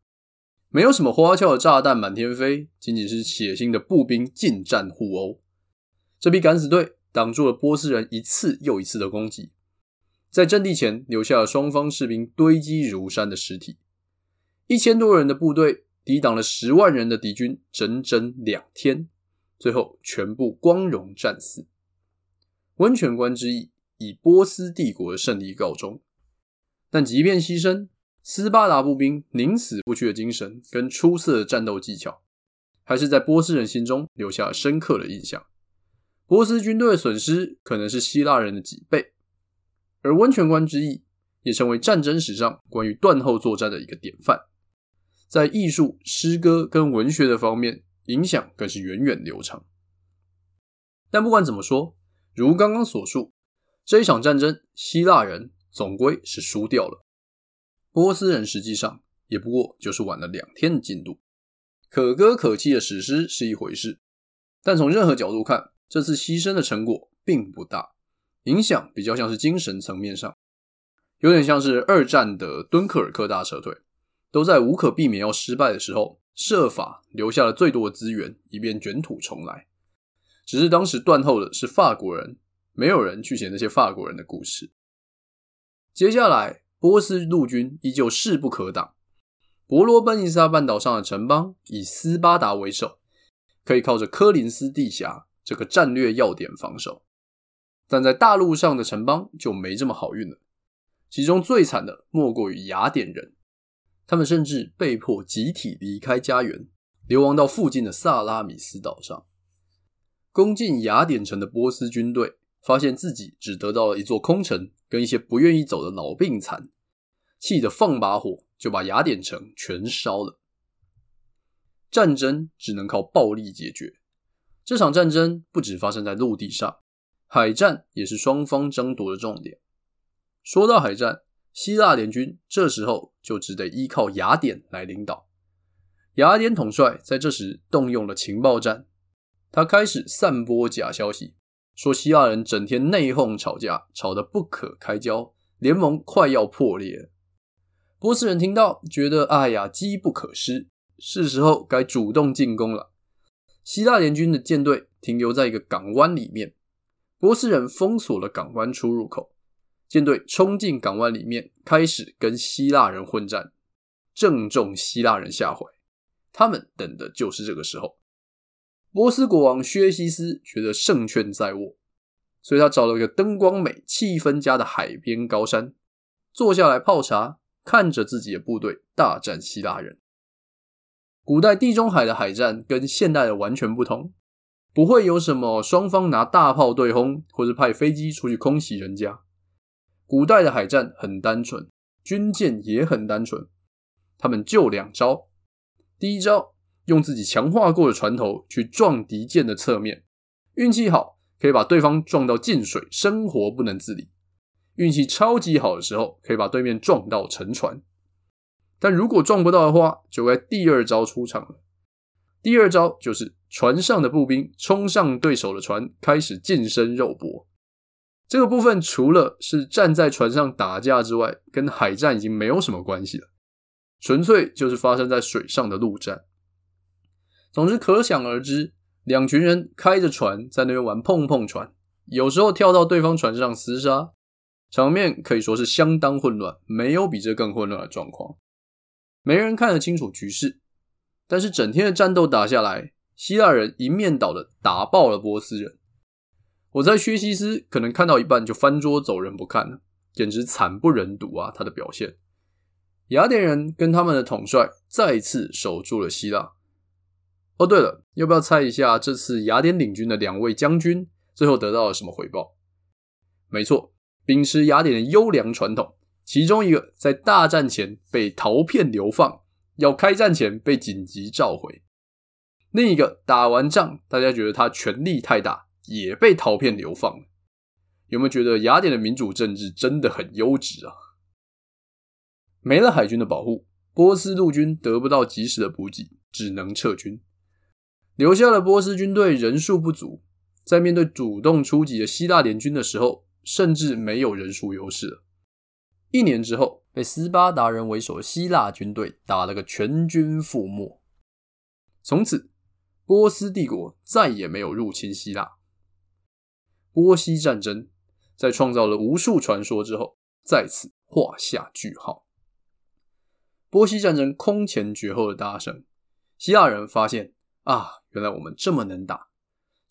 沒有什麼花俏的炸彈滿天飛，僅僅是血腥的步兵近戰互毆。這批敢死隊擋住了波斯人一次又一次的攻擊，在陣地前留下了雙方士兵堆積如山的屍體。一千多人的部隊抵擋了十萬人的敵軍整整兩天，最後全部光榮戰死。溫泉關之役以波斯帝國的勝利告終，但即便犧牲，斯巴達步兵寧死不屈的精神跟出色的戰鬥技巧，還是在波斯人心中留下了深刻的印象。波斯軍隊的損失可能是希臘人的幾倍，而溫泉關之役也成為戰爭史上關於斷後作戰的一個典範。在藝術、詩歌跟文學的方面，影響更是源遠流長。但不管怎麼說，如剛剛所述，這一場戰爭，希臘人總歸是輸掉了。波斯人實際上也不過就是晚了兩天的進度，可歌可泣的史詩是一回事，但從任何角度看，這次犧牲的成果並不大，影響比較像是精神層面上，有點像是二戰的敦刻爾克大撤退，都在無可避免要失敗的時候，設法留下了最多的資源，以便捲土重來，只是當時斷後的是法國人，沒有人去寫那些法國人的故事。接下來。波斯陸軍依舊勢不可擋。伯羅奔尼撒半島上的城邦以斯巴達為首，可以靠着科林斯地峽這個戰略要點防守；但在大陸上的城邦就沒這麼好運了。其中最慘的莫過於雅典人，他們甚至被迫集體離開家園，流亡到附近的薩拉米斯島上。攻進雅典城的波斯軍隊發現自己只得到了一座空城。跟一些不願意走的老病殘，氣得放把火就把雅典城全燒了。戰爭只能靠暴力解決。這場戰爭不只發生在陸地上，海戰也是雙方爭奪的重點。說到海戰，希臘聯軍這時候就只得依靠雅典來領導。雅典統帥在這時動用了情報戰，他開始散播假消息。說希臘人整天內訌吵架，吵得不可開交，聯盟快要破裂了。波斯人聽到，覺得哎呀，機不可失，是時候該主動進攻了。希臘聯軍的艦隊停留在一個港灣裡面，波斯人封鎖了港灣出入口，艦隊衝進港灣裡面，開始跟希臘人混戰，正中希臘人下懷。他們等的就是這個時候。波斯國王薛西斯覺得勝券在握，所以他找了一個燈光美、氣氛佳的海邊高山，坐下來泡茶，看着自己的部隊大戰希臘人。古代地中海的海戰跟現代的完全不同，不會有什麼雙方拿大炮對轟，或者派飛機出去空襲人家。古代的海戰很單純，軍艦也很單純，他們就兩招：第一招。用自己強化過的船頭去撞敵艦的側面，運氣好可以把對方撞到進水，生活不能自理；運氣超級好的時候，可以把對面撞到沉船。但如果撞不到的話，就該第二招出場了。第二招就是船上的步兵衝上對手的船，開始近身肉搏。這個部分除了是站在船上打架之外，跟海戰已經沒有什麼關係了，純粹就是發生在水上的陸戰。總之，可想而知，兩群人開着船在那邊玩碰碰船，有時候跳到對方船上厮殺，場面可以說是相當混亂，沒有比這更混亂的狀況。沒人看得清楚局勢，但是整天的戰鬥打下來，希臘人一面倒的打爆了波斯人。我在薛西斯可能看到一半就翻桌走人不看了，簡直慘不忍睹啊，他的表現。雅典人跟他們的統帥再一次守住了希臘。哦，對了，要不要猜一下這次雅典領軍的兩位將軍最後得到了什麼回報？沒錯，秉持雅典的優良傳統，其中一個在大戰前被陶片流放，要開戰前被緊急召回；另一個打完仗，大家覺得他權力太大，也被陶片流放了。有沒有覺得雅典的民主政治真的很優質啊？沒了海軍的保護，波斯陸軍得不到及時的補給，只能撤軍。留下了波斯軍隊人數不足，在面對主動出擊的希臘聯軍的時候，甚至沒有人數優勢了。一年之後，被斯巴達人為首的希臘軍隊打了個全軍覆沒。從此，波斯帝國再也沒有入侵希臘。波西戰爭在創造了無數傳說之後，再次畫下句號。波西戰爭空前絕後的大勝，希臘人發現啊。原來我們這麼能打，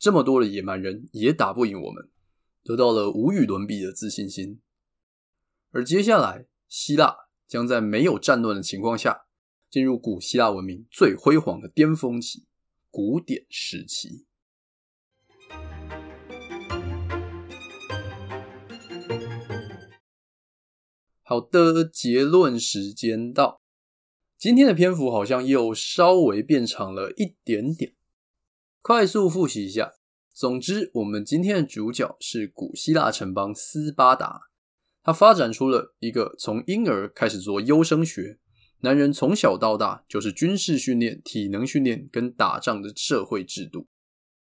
這麼多的野蠻人也打不贏我們，得到了無與倫比的自信心。而接下來，希臘將在沒有戰亂的情況下，進入古希臘文明最輝煌的巔峰期——古典時期。好的，結論時間到。今天的篇幅好像又稍微變長了一點點。快速複習一下。總之，我們今天的主角是古希臘城邦斯巴達，他發展出了一個從嬰兒開始做優生學，男人從小到大就是軍事訓練、體能訓練跟打仗的社會制度。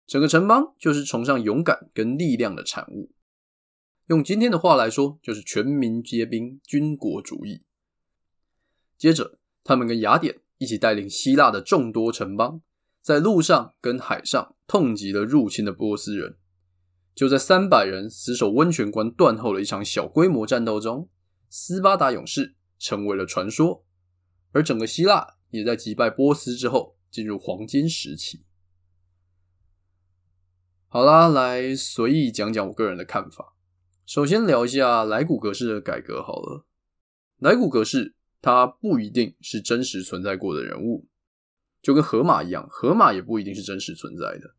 整個城邦就是崇尚勇敢跟力量的產物。用今天的話來說，就是全民皆兵、軍國主義。接着，他們跟雅典一起帶領希臘的眾多城邦。在陸上跟海上痛擊了入侵的波斯人。就在三百人死守溫泉關斷後的一場小規模戰鬥中，斯巴達勇士成為了傳說，而整個希臘也在擊敗波斯之後進入黃金時期。好啦，來隨意講講我個人的看法。首先聊一下萊古格式的改革好了，萊古格式他不一定是真實存在過的人物。就跟荷馬一樣，荷馬也不一定是真實存在的，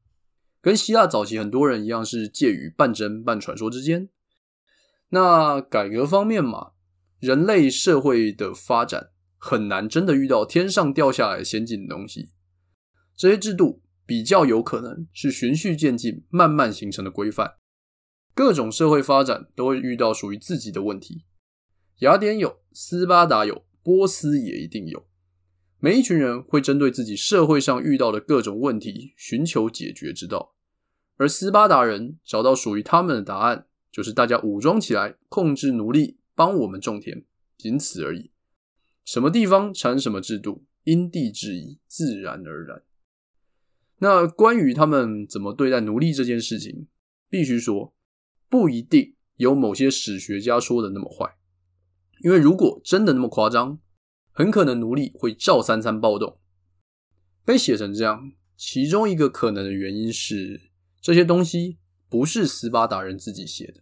跟希臘早期很多人一樣，是介於半真半傳說之間。那改革方面嘛，人類社會的發展很難真的遇到天上掉下來先進的東西，這些制度比較有可能是循序漸進、慢慢形成的規範。各種社會發展都會遇到屬於自己的問題，雅典有，斯巴達有，波斯也一定有。每一群人會針對自己社會上遇到的各種問題尋求解決之道，而斯巴達人找到屬於他們的答案，就是大家武裝起來，控制奴隸，幫我們種田，僅此而已。什麼地方產什麼制度，因地制宜，自然而然。那關於他們怎麼對待奴隸這件事情，必須說，不一定有某些史學家說的那麼壞，因為如果真的那麼誇張。很可能奴隸會照三餐暴動。被寫成這樣，其中一個可能的原因是這些東西不是斯巴達人自己寫的。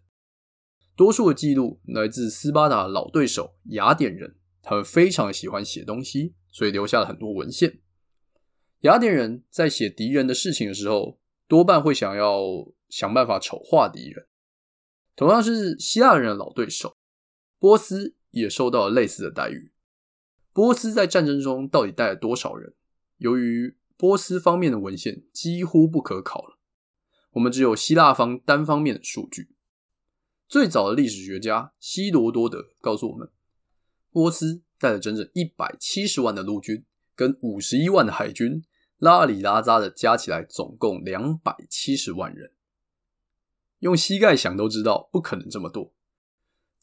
多數的記錄來自斯巴達老對手雅典人，他們非常喜歡寫東西，所以留下了很多文獻。雅典人在寫敵人的事情的時候，多半會想要想辦法醜化敵人。同樣是希臘人的老對手，波斯也受到了類似的待遇。波斯在戰爭中到底帶了多少人？由於波斯方面的文獻幾乎不可考了，我們只有希臘方單方面的數據。最早的歷史學家希羅多德告訴我們，波斯帶了整整一百七十萬的陸軍，跟五十一萬的海軍，拉里拉扎的加起來總共兩百七十萬人。用膝蓋想都知道不可能這麼多。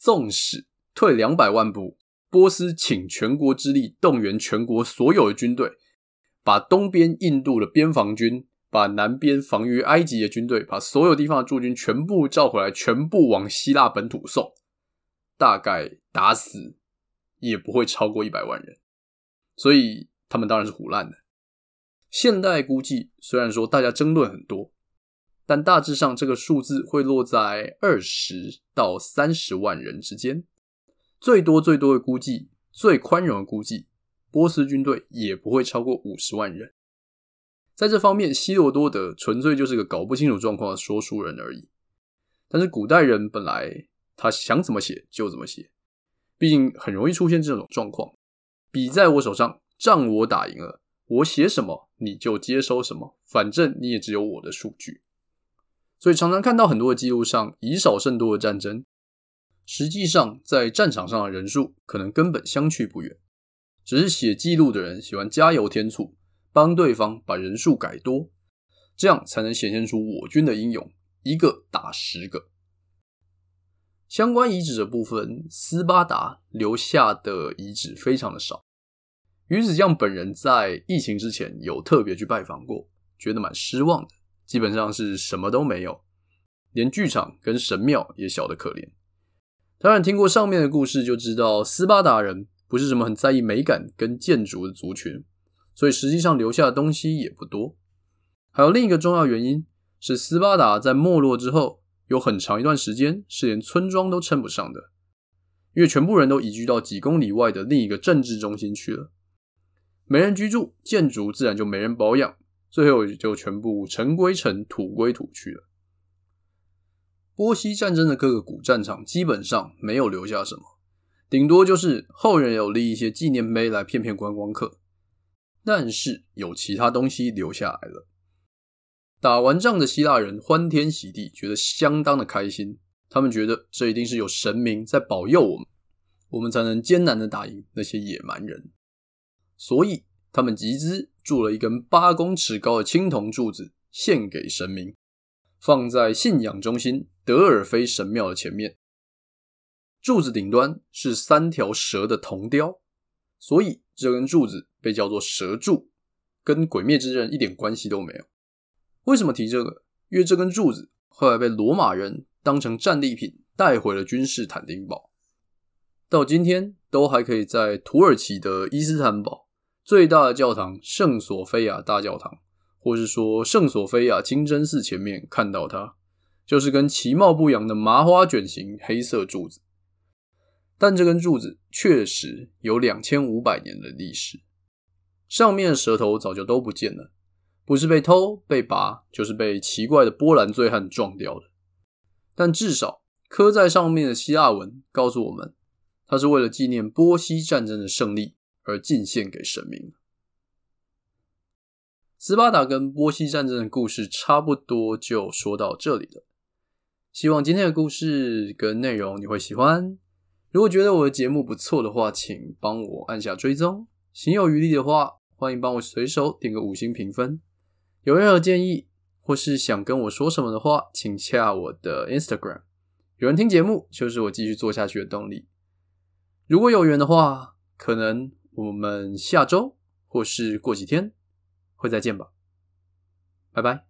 縱使退兩百萬步。波斯請全國之力動員全國所有的軍隊，把東邊印度的邊防軍，把南邊防禦埃及的軍隊，把所有地方的駐軍全部召回來，全部往希臘本土送。大概打死也不會超過一百萬人，所以他們當然是唬爛的。現代估計，雖然說大家爭論很多，但大致上這個數字會落在二十到三十萬人之間。最多最多的估計，最寬容的估計，波斯軍隊也不會超過五十萬人。在這方面，希羅多德純粹就是個搞不清楚狀況的說書人而已。但是古代人本來他想怎麼寫就怎麼寫，畢竟很容易出現這種狀況：筆在我手上，仗我打贏了，我寫什麼你就接收什麼，反正你也只有我的數據。所以常常看到很多的記錄上以少勝多的戰爭。實際上，在戰場上的人數可能根本相去不遠，只是寫記錄的人喜歡加油添醋，幫對方把人數改多，這樣才能顯現出我軍的英勇，一個打十個。相關遺址的部分，斯巴達留下的遺址非常的少。魚子醬本人在疫情之前有特別去拜訪過，覺得蠻失望的，基本上是什麼都沒有，連劇場跟神廟也小得可憐。當然，聽過上面的故事就知道，斯巴達人不是什麼很在意美感跟建築的族群，所以實際上留下的東西也不多。還有另一個重要原因是，斯巴達在沒落之後，有很長一段時間是連村莊都稱不上的，因為全部人都移居到幾公里外的另一個政治中心去了，沒人居住，建築自然就沒人保養，最後就全部塵歸塵，土歸土去了。波西戰爭的各個古戰場基本上沒有留下什麼，頂多就是後人有立一些紀念碑來騙騙觀光客。但是有其他東西留下來了。打完仗的希臘人歡天喜地，覺得相當的開心。他們覺得這一定是有神明在保佑我們，我們才能艱難的打贏那些野蠻人。所以他們集資鑄了一根八公尺高的青銅柱子，獻給神明，放在信仰中心。德爾菲神廟的前面，柱子頂端是三條蛇的銅雕，所以這根柱子被叫做蛇柱，跟鬼滅之刃一點關係都沒有。為什麼提這個？因為這根柱子後來被羅馬人當成戰利品帶回了君士坦丁堡，到今天都還可以在土耳其的伊斯坦堡最大的教堂，聖索菲亞大教堂，或是說聖索菲亞清真寺前面看到它。就是根其貌不揚的麻花卷型黑色柱子，但這根柱子確實有兩千五百年的歷史，上面的舌頭早就都不見了，不是被偷被拔，就是被奇怪的波蘭醉漢撞掉了。但至少刻在上面的希臘文告訴我們，它是為了紀念波希戰爭的勝利而進獻給神明。斯巴達跟波希戰爭的故事差不多就說到這裡了。希望今天的故事跟內容你會喜歡。如果覺得我的節目不錯的話，請幫我按下追蹤。行有餘力的話，歡迎幫我隨手點個五星評分。有任何建議或是想跟我說什麼的話，請下我的 Instagram。有人聽節目，就是我繼續做下去的動力。如果有緣的話，可能我們下周或是過幾天會再見吧。拜拜。